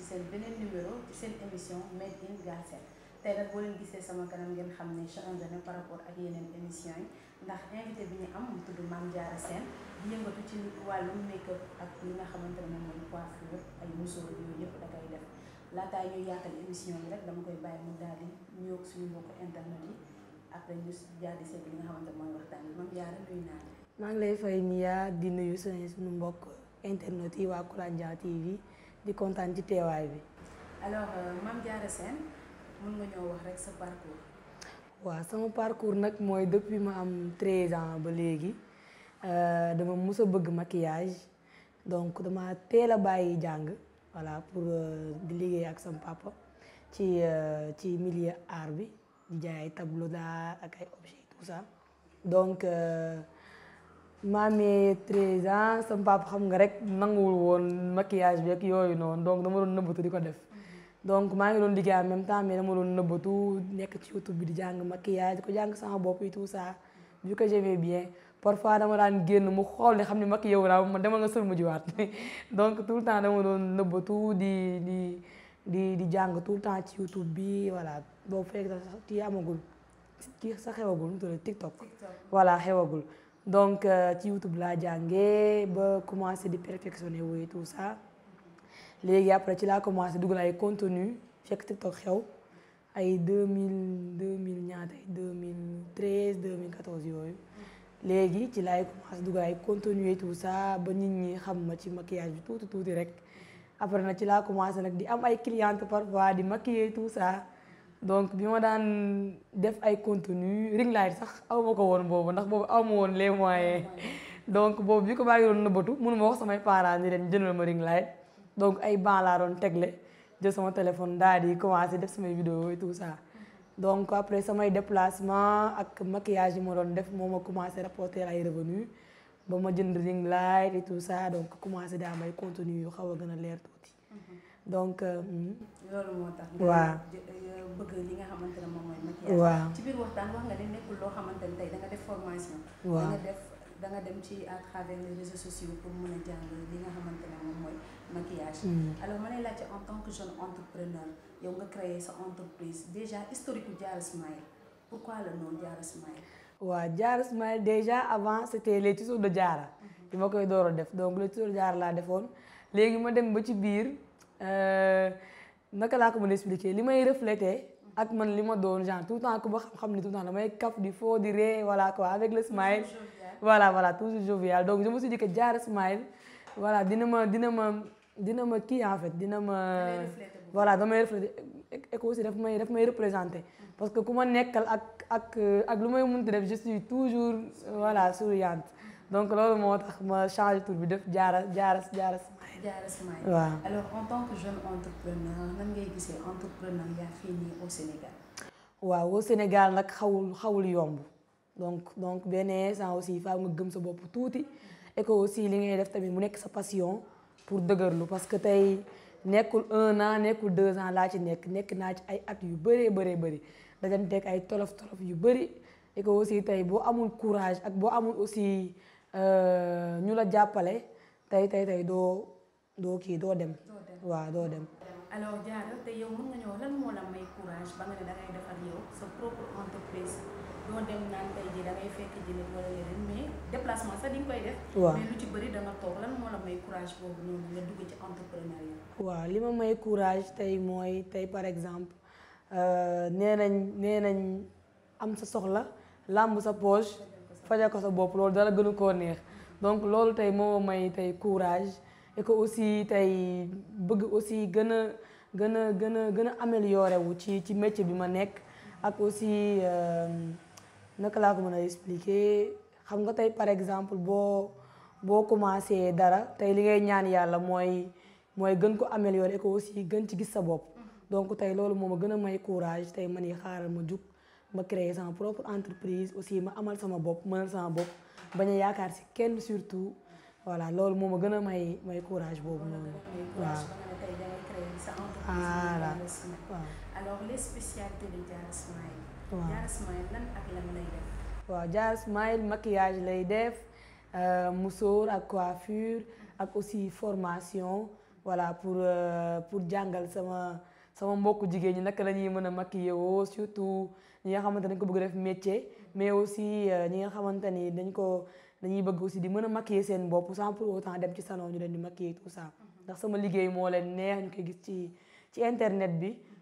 ci seen beneen numéro ci seen émission Made in Galsen tey nag boo leen sama kanam ngeen xamné ne changé par rapport ak yeneen émission yi ndax invité bi ñu am mu tudd Mam Diara Sen di yëngatu ci walu make-up ak li nga xamante ne moom coiffure ay musóor yooyu yëpp da kay def la tay ñu yaatal émission bi rek dama koy bàyyi mu daldi ñu nuyoog suñu mbokku internet yi après ñu jaar di seet li nga xamante moy waxtaan Mam Diara Diarra nuyu naa maa ngi lay fay Mia di nuyu suñu mbokk internet yi waa Kulandia TV di kontaan ci teewaay bi. alors euh, Mame Diarra Sène mën nga ñoo wax rek sa parcours. waaw sama parcours nag mooy depuis ma am 13 ans ba léegi euh, dama mus a maquillage donc dama teel a bàyyi jàng voilà pour euh, di liggéey ak sama papa ci ci milieu art bi di jaay ay tableau d'art ak ay objets tout ça donc. Euh, maa amee treize ans sama papa xam nga rek nanguwul woon maquillage bi ak yooyu noon donc dama doon nëbbatu di ko def donc maa ngi doon liggéey en même temps mais dama doon nëbbatu nekk ci YouTube bi di jàng maquillage di ko jàng sama bopp yi tout ça vu que j'aimais bien parfois dama daan génn mu xool ne xam ne maquillé wu naa ma demal nga sol mu donc tout le temps dama doon nëbbatu di di di di jàng tout le temps ci YouTube bi voilà boobu fekk sax ci amagul sa xewagul mu tudd TikTok. xewagul. donc euh, ci YouTube laa jàngee ba commencé di perfectionner wu tout ça gars après ci laa commencé dugal ay contenu fekk TikTok xew ay deux mille deux mille ñaata ay deux mille treize deux ci laay commencé dugal continuer tout ça ba nit ñi xam ma ci maquillage tout tout tuuti rek après nag ci laa commencé nag di am ay clientes parfois di maquiller tout ça donc je suis daan def ay contenu ring light sax aw ko ndax les moyens donc boobu bi ko bàyyi wax samay parents ni leen jëndal ma ring light donc ay ban laa doon tegle jël sama téléphone daal commencé def samay vidéo et tout ça donc après samay déplacement ak maquillage yi ma doon def à rapporter revenus ba ma jënd ring light et tout ça donc commencé daa may contenu yu xaw a gën a leer tuuti. Mhm. donc. Euh, hmm. loolu moo tax. waaw bëgg li nga xamante ne moom mooy maquillage. ci biir waxtaan wax nga ne nekkul loo xamante ne tey da nga def formation. waaw def da dem ci à travers les réseaux sociaux pour mën a jàng li nga xamante ne moom maquillage. Hmm. alors ma lay laajte en tant que jeune entrepreneur yow nga créé sa entreprise déjà historique gu Diarra Smile pourquoi le nom waaw Diarra Ismaël déjà avant c'était les tutos de Diarra bi ma koy door a def donc les tutos de Diarra laa defoon léegi ma dem ba ci biir euh, naka laa ko man a expliquer li may refléter ak man li ma doon genre tout le temps ku ma xam-xam ni tout le temps damay kaf di foo di ree voilà quoi avec le smile voilà voilà toujours jovial donc je me suis dit que Diarra Ismaël voilà dina ma dina ma dina ma kii en fait dina ma voilà damay refléter éco aussi daf may daf may représenté parce que ku ma nekkal ak ak ak lu may munti def je suis toujours voilà souriante donc loolu moo tax ma change tout bi def jaara jaara jaara Smile. jaara Smile alors en tant que jeune entrepreneur nan ngay gisee entrepreneuriat fii fini au Sénégal. waaw au Sénégal nag xawul xawul yomb donc donc beneen sans aussi faa nga gëm sa bopp tuuti et que aussi li ngay def tamit mu nekk sa passion pour dëgërlu parce que tey. nekkul un an nekkul deux ans laa ci nekk nekk naa ci ay at yu bëree bëree bëri dajanteeg ay tolof tolof yu bëri et que aussi tey boo amul courage ak boo amul aussi euh, ñu la jàppale tey tey tey doo doo kii doo dem. waaw doo dem. alors Diarra te nga ñëw lan moo la may courage ba nga ne dangay defar yow sa propre entreprise. doo dem naan tey jii da ngay fekk ji leen wala leneen mais déplacement sax di nga koy def. waaw mais lu ci bëri da nga toog lan moo la may courage boobu noonu nga dugg ci entrepreneuriat. waaw li may courage tey mooy tey par exemple euh, nee nañ nee am sa soxla làmb sa poche fajal ko sa bopp loolu dara gënu koo neex donc loolu tey moo may tey courage et que aussi tey bëgg aussi gën a gën a gën a gën a amélioré wu ci ci métier bi ma nekk ak aussi. Euh, naka laa ko mën a expliquer xam nga tey par exemple boo boo commencé dara tey li ngay ñaan yàlla mooy mooy gën ko améliorer ko aussi gën ci gis sa bopp. donc tey loolu moo ma gën a may courage tey man yi xaaral ma jug ma créer sama propre entreprise aussi ma amal sama bopp mënal sama bopp bañ a yaakaar si kenn surtout voilà loolu moo ma gën a may may courage boobu noonu. waaw Diarra Smile lay def. waaw maquillage lay def euh, musóor ak coiffure ak aussi formation voilà pour euh, pour jàngal sama sama mbokku jigéen ñi naka la ñuy mën a maquiller woo surtout ñi nga xamante nañ ko bëgg def métier mais aussi euh, ñi nga xamante ni dañ ko dañuy bëgg aussi di mën a maquiller seen bopp sans pour autant dem ci salon ñu leen di maquiller tout ça mhm. ndax sama liggéey moo leen neex ñu koy gis ci ci internet bi.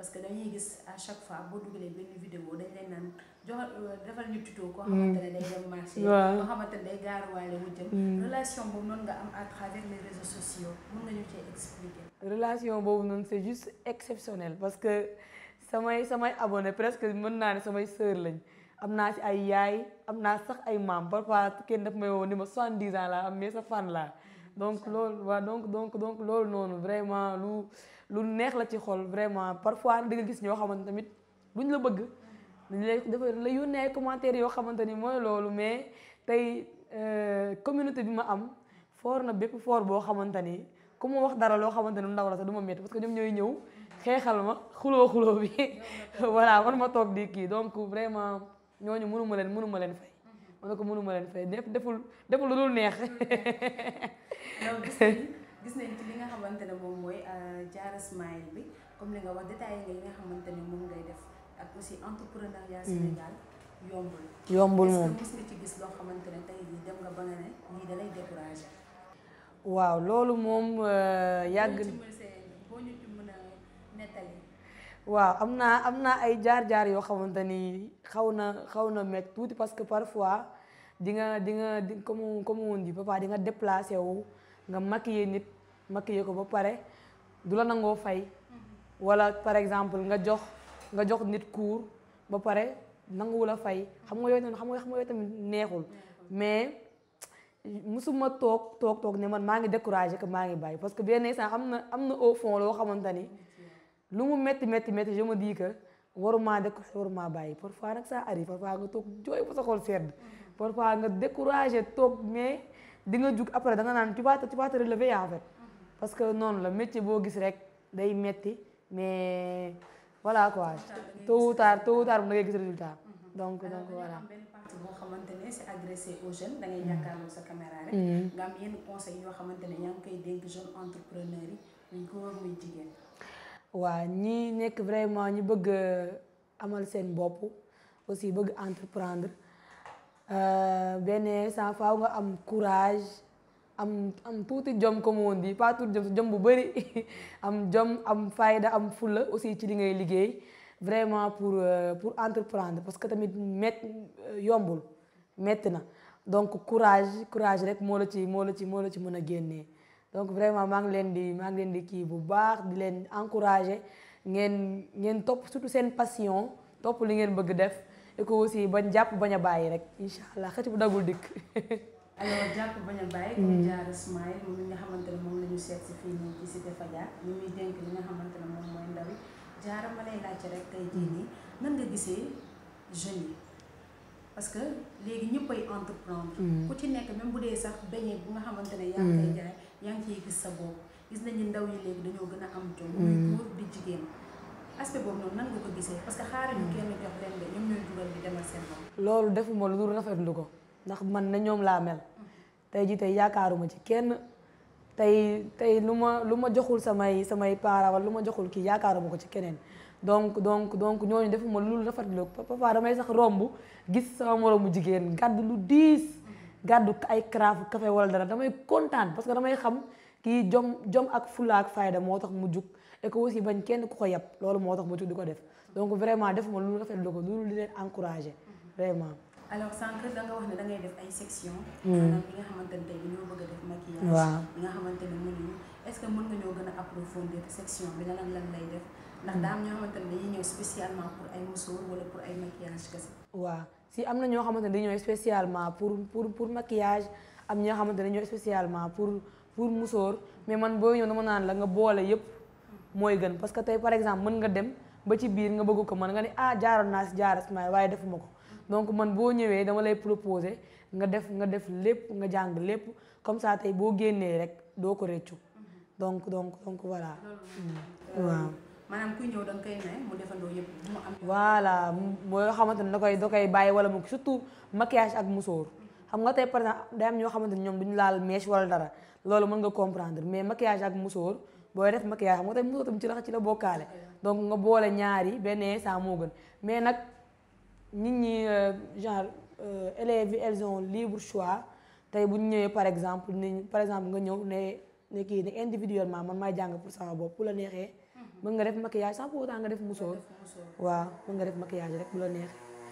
parce que à chaque fois boo dugalee benn vidéo dañ euh, defal ñu tuto marché mm. relation à travers les réseaux sociaux ñu cee expliquer relation c'est juste exceptionnel parce que samay samay abonné presque mën naa samay sœur lañ am ci ay yaay parfois daf ni ma ans mais sa fan donc loolu waaw donc donc donc loolu noonu vraiment lu lu neex la ci xol vraiment parfois da nga gis ñoo xamante tamit ñu la bëgg dañ lay dafa la yónnee ay commentaires yoo xamante ni mooy loolu mais tey euh, communauté bi ma am foor na bépp foor boo xamante ni ku ma wax dara loo xamante ni ndaw la sax du ma métti parce que ñoom ñooy ñëw xeexal ma xuloo xuloo bi voilà man ma toog di kii donc vraiment ñooñu mënu leen mënu leen fay. Mhm. ma ne ko mënu ma leen fay def deful deful lu dul neex. yow gis nañ li nga xamante ne moom mooy euh, Diarra Smile bi comme li nga wax nga xamante ne moom def ak aussi entrepreneuriat mm. Sénégal yombul. ci gis loo xamante ne tey jii waaw loolu moom euh, yàgg. boo waaw am naa am naa ay jaar-jaar yoo xamante ni xaw na xaw na métti tuuti parce que parfois di nga di nga di comme comme woon di papa di nga déplacé wu. nga maquiller nit maquiller ko ba pare du la nangoo fay wala par exemple nga jox nga jox nit cours ba pare nanguwu la fay xam nga yooyu xam xam nga tamit neexul mais musuma toog toog toog ne man maa ngi découragé que maa ngi bàyyi parce que benn instant am na am na au fond loo xamante ni lu mu métti métti métti je me dis que waruma découragé waruma bàyyi parfois nag ça sa xol sedd parfois nga di nga jug après danga naan tu vas te tu vas te parce que noonu la métier boo gis rek day metti mais voilà quoi tôt da gis résultat donc mm. mm. yoo xamante ne yaa ngi koy dénk jeune entrepreneur yi ñi nekk vraiment ñi bëgg amal seen bopp aussi bëgg entreprendre. Euh, benn instant faaw nga am courage am am tuuti jom comme on dit pas tuuti jom jom bu bëri am jom am fayda am fulla aussi ci li ngay liggéey vraiment pour euh, pour entreprendre parce que tamit mett euh, yombul metti na donc courage courage rek moo la ci moo la ci moo la ci mën a génnee donc vraiment maa ngi leen di maa ngi leen di kii bu baax di leen encourager ngeen ngeen topp surtout seen passion topp li ngeen bëgg def et que aussi bañ jàpp bañ bàyyi rek incha allah xëcc bu dagul dikk. alors jàpp bañ a bàyyi. comme mm. Diarra Ismaïl nga xamante ne moom lañu ñu seet si fii nii ci Cité Fadia ñu muy dénk li nga xamante ne moom mooy ndaw yi Diarra ma lay laajte rek tey jii nii nan nga gisee jeunes yi parce que léegi ñëppay entreprendre. Mm. ku ci nekk même bu dee sax beñee bu nga xamante ne. yaa ngi mm. koy jaay yaa ngi ciy gis sa bopp gis nañu ndaw yi léegi dañoo gën a am jom. muy góor di jigéen. aspect boobu noonu kenn jox leen de ñoom ñooy dugal di demal seen loolu defuma lu dul rafetlu ko ndax man na ñoom laa mel. tey jii tey yaakaaruma ci kenn tey tey lu ma lu ma joxul samay samay parents wala lu ma joxul kii yaakaaruma ko ci keneen donc donc donc ñooñu defuma lu dul rafetlu ko papa damay sax romb gis sama moromu jigéen gàdd lu diis. gàddu ay karaafu café wala dara damay kontaan parce que damay xam. kii jom jom ak fulla ak fayda moo tax mu jug et que aussi bañ kenn ku ko yab loolu moo tax mu jug di ko def donc vraiment def ma lu rafetlu ko loolu di leen encouragé vraiment. alors sànq da nga wax ne da ngay def ay section hmm. maanaam ñi nga xamante ne tey ñoo bëgg a def maquillage. waaw ñi nga xamante ne mënuñu est ce que mën nga ñoo gën a approfondir section bi lan lan lay def ndax daa am ñoo xamante ne dañuy ñëw spécialement pour ay musoor wala pour ay maquillage kese. waaw si am na ñoo xamante ne dañuy ñëw spécialement pour pour pour maquillage am ñoo xamante ne dañuy ñëw spécialement pour. pour musóor mais man boo ñëw dama naan la nga boole yëpp mooy gën parce que tey par exemple mën nga dem ba ci biir nga bëgg ko mën nga ne ah jaaroon naa si jaar Ismaïla waaye ko donc man boo ñëwee dama lay proposer nga def nga def lépp nga jàng lépp comme ça tey boo génnee rek doo ko réccu donc donc donc voilà. waaw. maanaam kuy ñëw da mooy xamante ne da koy da koy wala mu surtout maquillage ak musóor. xam nga tay par exemple day am ñoo xamanteni ni ñoom duñu laal mèche wala dara loolu mën nga comprendre mais maquillage ak musoor boy def maquillage xam nga tey musóor tamit ci la ci la bokalé donc nga boole ñaari benn saa mo gën mais nak nit ñi euh, genre euh, élèves elles ont libre choix tay bu ñëwé par exemple ni par exemple nga ñëw né né ki né individuellement man may jàng pour sama bop bu la nexé mhm. mën nga def maquillage sans pour autant nga def musoor waaw mën nga def maquillage rek bu la nexé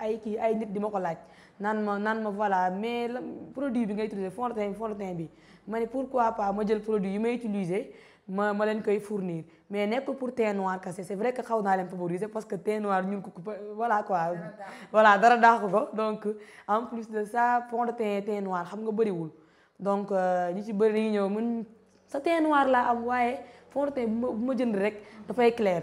Aïki, kii ay nit di ma nan laaj ma ma voilà mais produit bi ngay utiliser fond de bi Mais pourquoi pas ma jël produit Mais may utiliser ma ma leen koy fournir mais nekkul pour teint noir kese c'est vrai que xaw naa leen favoriser parce que teint noir ñun ko voilà quoi voilà dara daaxu ko donc en plus de ça pour de teint teint noir xam nga wul donc ni euh, ci bëri ni ñëw mun sa teint noir là, à waaye fond de teint bu ma jënd rek clair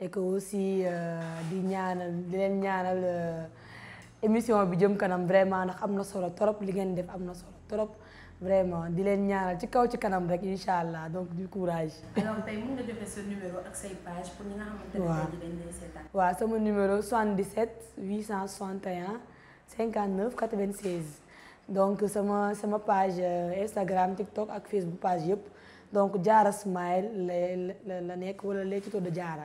et que aussi euh, di ñaanal di len ñaanal euh, émission bi jëm kanam vraiment nak amna solo trop li ngeen def amna solo trop vraiment di len ñaanal ci kaw ci kanam rek inshallah donc du courage. alors tay mën nga joxe sa numéro ak say page pour ñi nga xamante ne dañ lay seetaan. waaw sama numéro 77 861 59 96 donc sama sama page euh, Instagram TikTok ak Facebook page yépp donc Diarra Smile la la la nekk wala les tutos de Diarra.